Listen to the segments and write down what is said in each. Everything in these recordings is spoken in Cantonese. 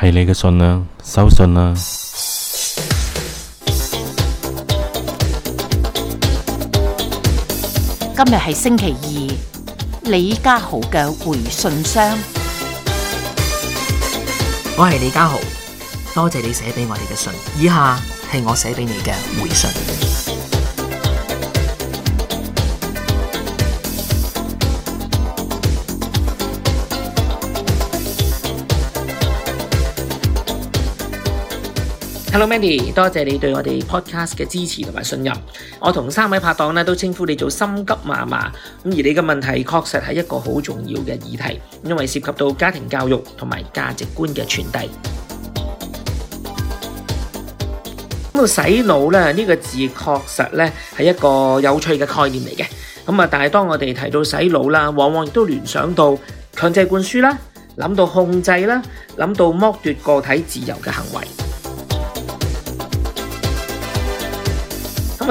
係你嘅信啦，收信啦！今日係星期二，李家豪嘅回信箱。我係李家豪，多謝你寫俾我哋嘅信，以下係我寫俾你嘅回信。Hello, Mandy，多謝你對我哋 podcast 嘅支持同埋信任。我同三位拍檔咧都稱呼你做心急嫲嫲，咁，而你嘅問題確實係一個好重要嘅議題，因為涉及到家庭教育同埋價值觀嘅傳遞。咁啊，洗腦咧呢個字確實咧係一個有趣嘅概念嚟嘅。咁啊，但係當我哋提到洗腦啦，往往亦都聯想到強制灌輸啦，諗到控制啦，諗到剝奪個體自由嘅行為。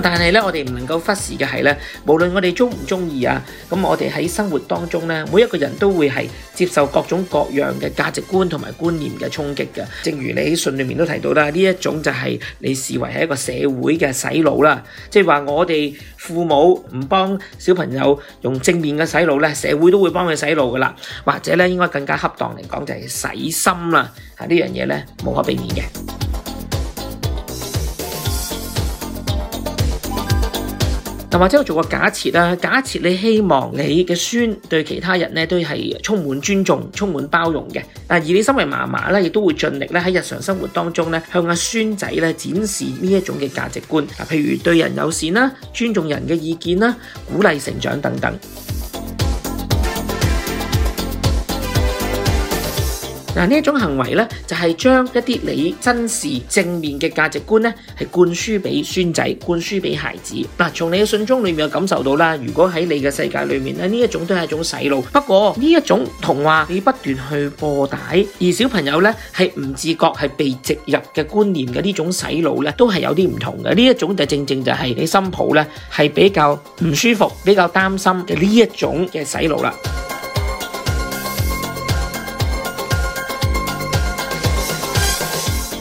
但係咧，我哋唔能夠忽視嘅係咧，無論我哋鍾唔鍾意啊，咁我哋喺生活當中咧，每一個人都會係接受各種各樣嘅價值觀同埋觀念嘅衝擊嘅。正如你喺信裏面都提到啦，呢一種就係你視為係一個社會嘅洗腦啦，即係話我哋父母唔幫小朋友用正面嘅洗腦咧，社會都會幫佢洗腦噶啦，或者咧應該更加恰當嚟講就係洗心啦，啊呢樣嘢咧無可避免嘅。又或者我做個假設啦，假設你希望你嘅孫對其他人咧都係充滿尊重、充滿包容嘅，但而你身為嫲嫲咧，亦都會盡力咧喺日常生活當中咧向阿孫仔咧展示呢一種嘅價值觀，嗱，譬如對人友善啦、尊重人嘅意見啦、鼓勵成長等等。嗱，呢一種行為咧，就係、是、將一啲你真實正面嘅價值觀咧，係灌輸俾孫仔，灌輸俾孩子。嗱，從你嘅信中裏面有感受到啦。如果喺你嘅世界裏面咧，呢一種都係一種洗腦。不過呢一種同話你不斷去播帶，而小朋友咧係唔自覺係被植入嘅觀念嘅呢種洗腦咧，都係有啲唔同嘅。呢一種就正正就係你心抱咧係比較唔舒服、比較擔心嘅呢一種嘅洗腦啦。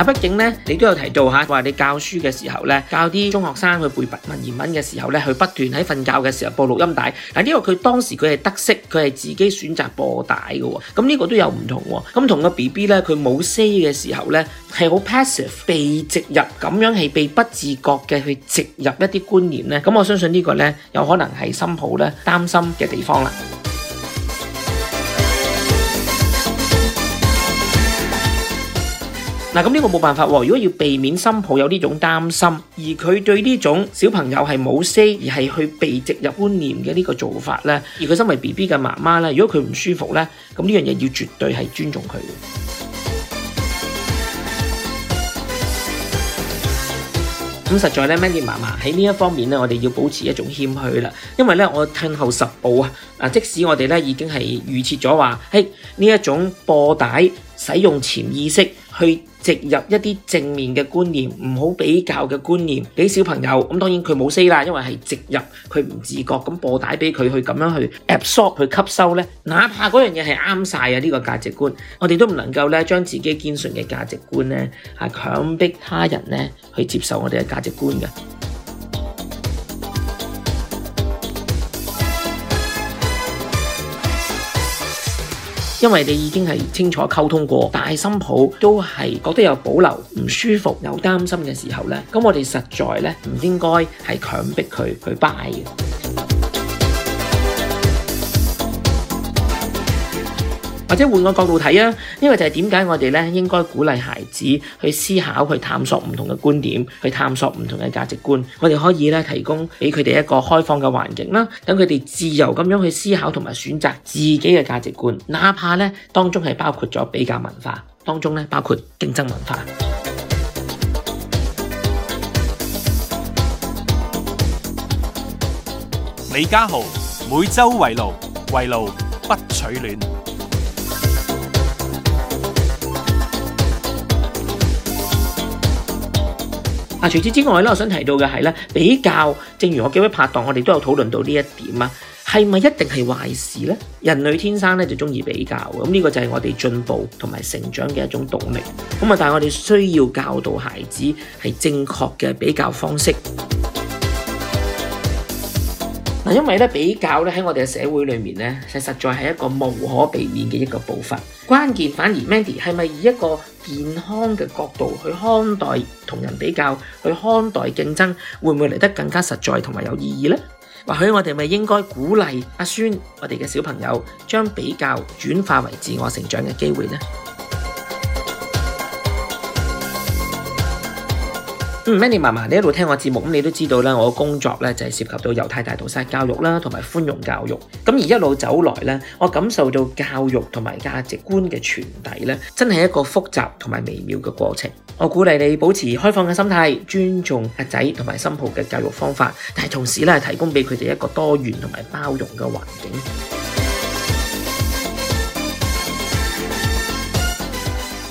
嗱，畢竟咧，你都有提到嚇，話你教書嘅時候咧，教啲中學生去背文言文嘅時候咧，佢不斷喺瞓覺嘅時候播錄音帶。但呢個佢當時佢係得識，佢係自己選擇播帶嘅。咁呢個都有唔同。咁同個 B B 咧，佢冇 say 嘅時候咧，係好 passive 被植入咁樣，係被不自覺嘅去植入一啲觀念咧。咁我相信個呢個咧有可能係心抱咧擔心嘅地方啦。嗱，咁呢個冇辦法喎。如果要避免新抱有呢種擔心，而佢對呢種小朋友係冇 say，而係去被植入觀念嘅呢個做法呢。而佢身為 B B 嘅媽媽呢，如果佢唔舒服呢，咁呢樣嘢，要絕對係尊重佢嘅。咁、嗯、實在呢 Mandy 媽媽喺呢一方面呢，我哋要保持一種謙虛啦。因為呢，我退後十步啊。即使我哋呢已經係預設咗話，誒，呢一種播帶使用潛意識。去植入一啲正面嘅觀念，唔好比較嘅觀念俾小朋友。咁當然佢冇 say 啦，因為係植入佢唔自覺咁播帶俾佢去咁樣去 absorb 去吸收呢。哪怕嗰樣嘢係啱晒啊呢個價值觀，我哋都唔能夠呢將自己堅信嘅價值觀呢，係強迫他人呢，去接受我哋嘅價值觀嘅。因為你已經係清楚溝通過，但係新抱都係覺得有保留、唔舒服、有擔心嘅時候呢。咁我哋實在咧唔應該係強迫佢去拜。或者換個角度睇啊，呢個就係點解我哋呢應該鼓勵孩子去思考、去探索唔同嘅觀點，去探索唔同嘅價值觀。我哋可以呢提供俾佢哋一個開放嘅環境啦，等佢哋自由咁樣去思考同埋選擇自己嘅價值觀，哪怕呢當中係包括咗比較文化，當中呢包括競爭文化。李家豪，每週圍爐，圍爐不取暖。啊！除此之外咧，我想提到嘅係咧，比較，正如我幾位拍檔，我哋都有討論到呢一點啊，係咪一定係壞事咧？人類天生咧就中意比較，咁呢個就係我哋進步同埋成長嘅一種動力。咁啊，但係我哋需要教導孩子係正確嘅比較方式。因為咧比較咧喺我哋嘅社會裏面咧，係實在係一個無可避免嘅一個步伐。關鍵反而 Mandy 係咪以一個健康嘅角度去看待同人比較，去看待競爭，會唔會嚟得更加實在同埋有意義呢？或許我哋咪應該鼓勵阿孫，我哋嘅小朋友將比較轉化為自我成長嘅機會呢？嗯，Many 嫲嫲，你一路聽我節目，咁你都知道啦，我工作咧就係涉及到猶太大屠殺教育啦，同埋寬容教育。咁而一路走來咧，我感受到教育同埋價值觀嘅傳遞咧，真係一個複雜同埋微妙嘅過程。我鼓勵你保持開放嘅心態，尊重阿仔同埋新抱嘅教育方法，但係同時咧，提供俾佢哋一個多元同埋包容嘅環境。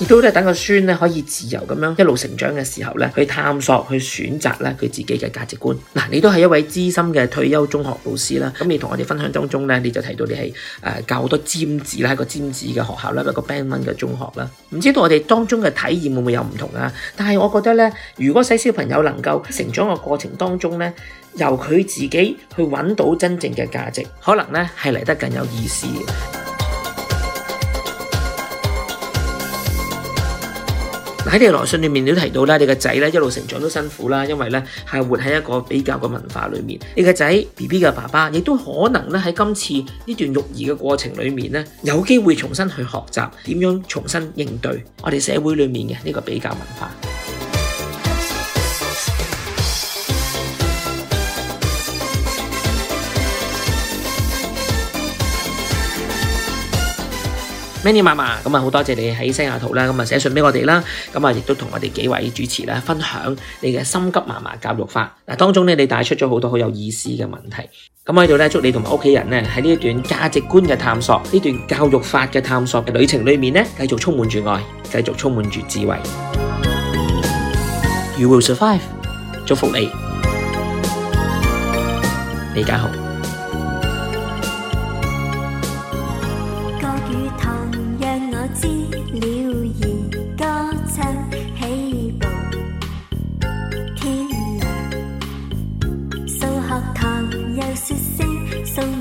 亦都都係等個孫咧可以自由咁樣一路成長嘅時候咧，去探索、去選擇咧佢自己嘅價值觀。嗱、啊，你都係一位資深嘅退休中學老師啦，咁你同我哋分享當中咧，你就提到你係誒、呃、教好多尖子啦，喺個尖子嘅學校啦，一個 Band One 嘅中學啦。唔知道我哋當中嘅體驗會唔會有唔同啊？但係我覺得咧，如果使小朋友能夠成長嘅過程當中咧，由佢自己去揾到真正嘅價值，可能咧係嚟得更有意思嘅。喺你來信裏面，你都提到啦，你個仔咧一路成長都辛苦啦，因為咧係活喺一個比較嘅文化裏面。你個仔 BB 嘅爸爸亦都可能咧喺今次呢段育兒嘅過程裏面咧，有機會重新去學習點樣重新應對我哋社會裏面嘅呢個比較文化。Many 嫲嫲，咁啊好多謝你喺西雅圖啦，咁啊寫信俾我哋啦，咁啊亦都同我哋幾位主持啦分享你嘅心急嫲嫲教育法。嗱當中咧你帶出咗好多好有意思嘅問題。咁喺度咧祝你同埋屋企人咧喺呢一段價值觀嘅探索，呢段教育法嘅探索嘅旅程裏面咧，繼續充滿住愛，繼續充滿住智慧。You will survive，祝福你。李家豪。